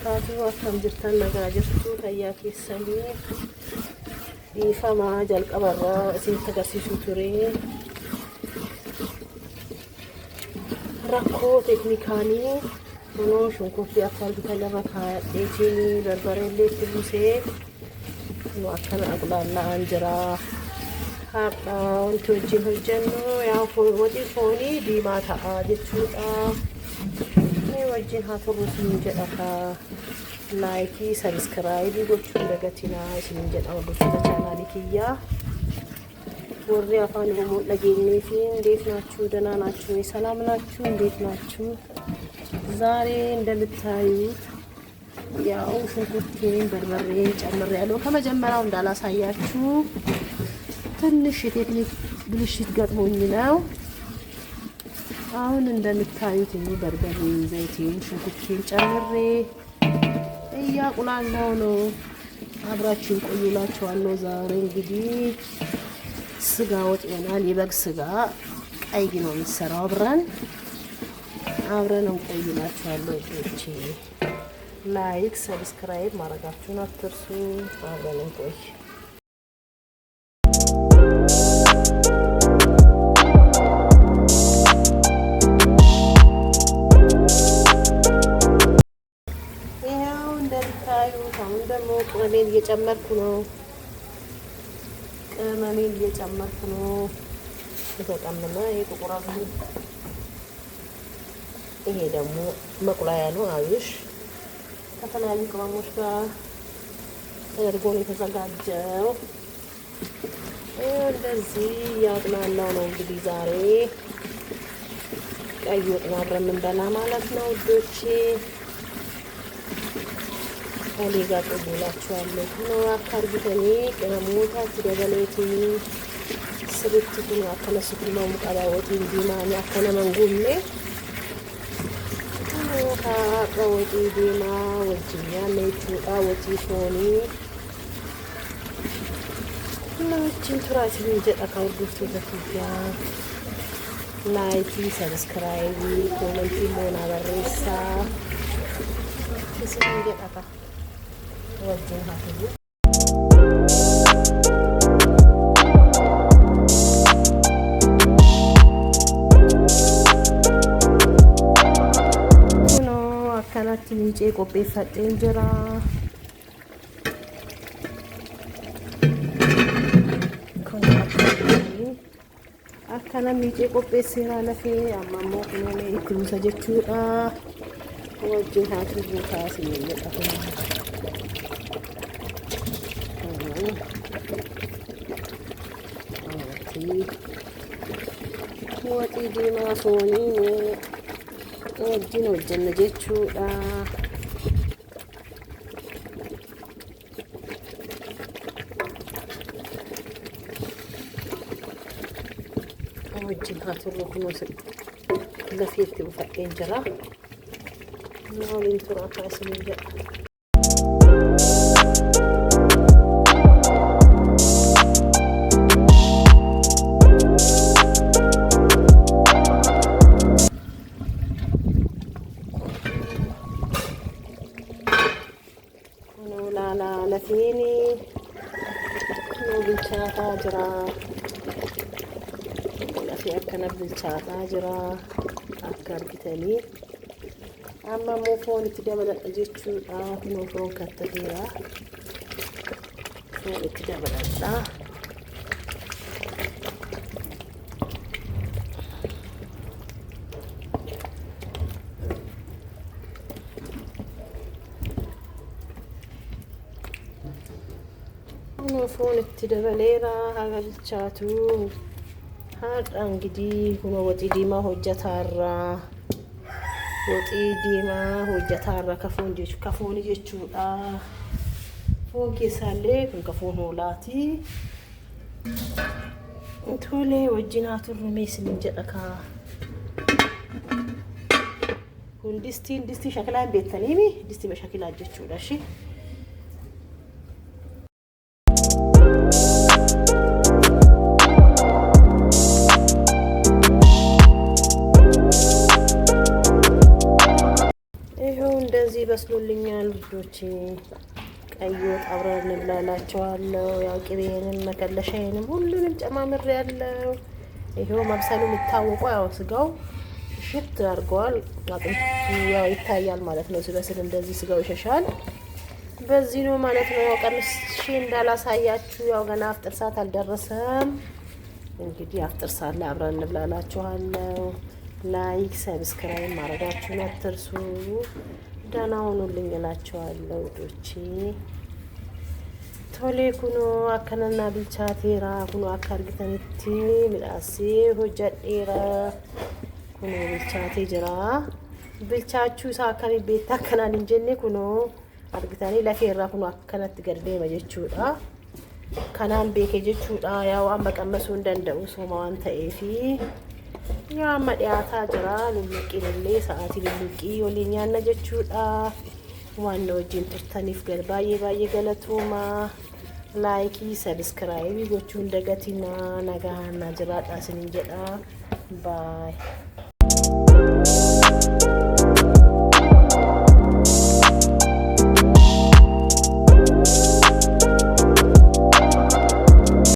ተመረካቱ አካም ጅርተን ነገራ ጅርቱ ተያ ኬሰኒ ይፈማ ጀልቀበራ እሲን ተገሲሹ ቱሬ ረኮ ቴክኒካኒ ሆኖ ሽንኩርቲ አካል ቢተለመ ካጤቺኒ በርበሬሌ ትሉሴ ኑ አካል አቁላላ አንጅራ ሀቃውንቶጂ ሆጀኑ ያው ወጢ ፎኒ ዲማታ ጅቹጣ ወጅን ሀቶሮ ስሚን ላይኪ ሰብስክራይብ ጎቹን ደገቲና ስሚን ጀጠፋ ጎቹ ተቻላሊክያ ወሬ አፋን ሆሞ ለጌኔፊ እንዴት ናችሁ? ደህና ናችሁ? ሰላም ናችሁ? እንዴት ናችሁ? ዛሬ እንደምታዩት ያው ሽንኩርቴን በርበሬን ጨምር ያለው ከመጀመሪያው እንዳላሳያችሁ ትንሽ የቴክኒክ ብልሽት ገጥሞኝ ነው። አሁን እንደምታዩት ይሄ በርበሬ ዘይቴን ሽንኩርቴን ጨምሬ እያቁላላው ነው። አብራችን ቆዩላችኋለሁ። ዛሬ እንግዲህ ስጋ ወጥ ይሆናል። የበግ ስጋ ቀይ ነው የምሰራው። አብረን አብረን እንቆዩላችኋለሁ። እጆቼ ላይክ፣ ሰብስክራይብ ማድረጋችሁን አትርሱ። አብረን እንቆይ። ደግሞ ቅመሜን እየጨመርኩ ነው። ቅመሜን እየጨመርኩ ነው። የተቀመመ የጥቁር አዝሙድ ይሄ ደግሞ መቁላያ ነው። አብሽ ከተለያዩ ቅመሞች ጋር ተደርጎ ነው የተዘጋጀው። እንደዚህ እያጥናናው ነው እንግዲህ ዛሬ ቀይ ወጥ አብረን የምንበላ ማለት ነው ውዶቼ። ኦሌ ጋር ቆቦላችኋለሁ ነው አካርቢተኔ ቀሞታ ትደበሌቲኒ ስርት ኩኑ አከነ ሱኩማሙ ቀባወቲን ዲማኒ አከነ መንጉሜ ሀቀ ዲማ ወጅኛ ነይቹቃ ወጪ ሾኒ ናችን ቱራሲን ጀጣ ካወርዶች ተዘፍያ ላይቲ ሰብስክራይቢ ኮመንቲ ሞና በሬሳ ስንጀጣታ ወርጄ ሀፍዬ አካላችን ይጬ ቆጴ ፈጤ እንጀራ akkanam miicee qopheesseera lafee ammaammoo kunuunee itti buusa jechuudha wajjin haa turuu kaasee jedhama. mooxii diimaa fooniin wajjin hojjenna jechuudha. wajjin haa turre kunuunsa lafeetti buufadheen jira. Maaliin tura akka isin hin jedhu. ala lafeeny no bilchaataa jira. Lafee akkana bilchaataa jira akka argitanii. Amma immoo foon itti dabaladha jechuudha. Kunoo foon kattateera. Foon itti dabaladha. foon itti dabaleera haga bilchaatu. Haadha ingidihi kuma woxii diimaa hojjataarraa woxii diimaa hojjataarraa kafoon jechu kafooni jechuudha. Foon keessaallee kun kafoon hoolaati. Tolee wajjinaatu rumeessin jedha kaa. Kun distiin distii shaklaa hin beektaniimi distii shakilaa jechuudha shi. እንደዚህ በስሎልኛል ውዶቼ። ቀይ ወጥ አብረን እንብላላቸዋለሁ። ያው ቅቤንም መከለሻዬንም ሁሉንም ጨማምር ያለው ይሄው መብሰሉ የሚታወቁ ያው ስጋው ሽት አድርገዋል። አጥንቱ ያው ይታያል ማለት ነው። ሲበስል እንደዚህ ስጋው ይሸሻል። በዚህ ነው ማለት ነው። ያው እንዳላሳያችሁ ያው ገና አፍጥር ሰዓት አልደረሰም። እንግዲህ አፍጥር ሰዓት ላይ አብረን እንብላላችኋለሁ። ላይክ ሰብስክራይብ ማድረጋችሁን አትርሱ። ደህና ሁኑልኝ እላቸዋለሁ ውዶቼ። ቶሌ ኩኖ አከነና ቴራ ኩኖ አካ ምላሴ ሆጃ ሆጀዴራ ኩኖ ብልቻቴ ቴጅራ ብልቻችሁ ሳ ቤት ቤታ አከናን እንጀኔ ኩኖ አርግታኒ ለቴራ ኩኖ አከነት ገድቤመ መጀቹዳ kanaan beeke jechuudha yaa waan baqammasuu hin ተኤፊ nyaama dhiyaataa jira lulluqqii illee sa'aatii lulluqqii waliin nyaanna jechuudha waan na turtaniif baay'ee baay'ee galatuuma laayikii sabiskiraayibii gochuun dagatinaa nagaannaa jiraadha isinin jedha baay.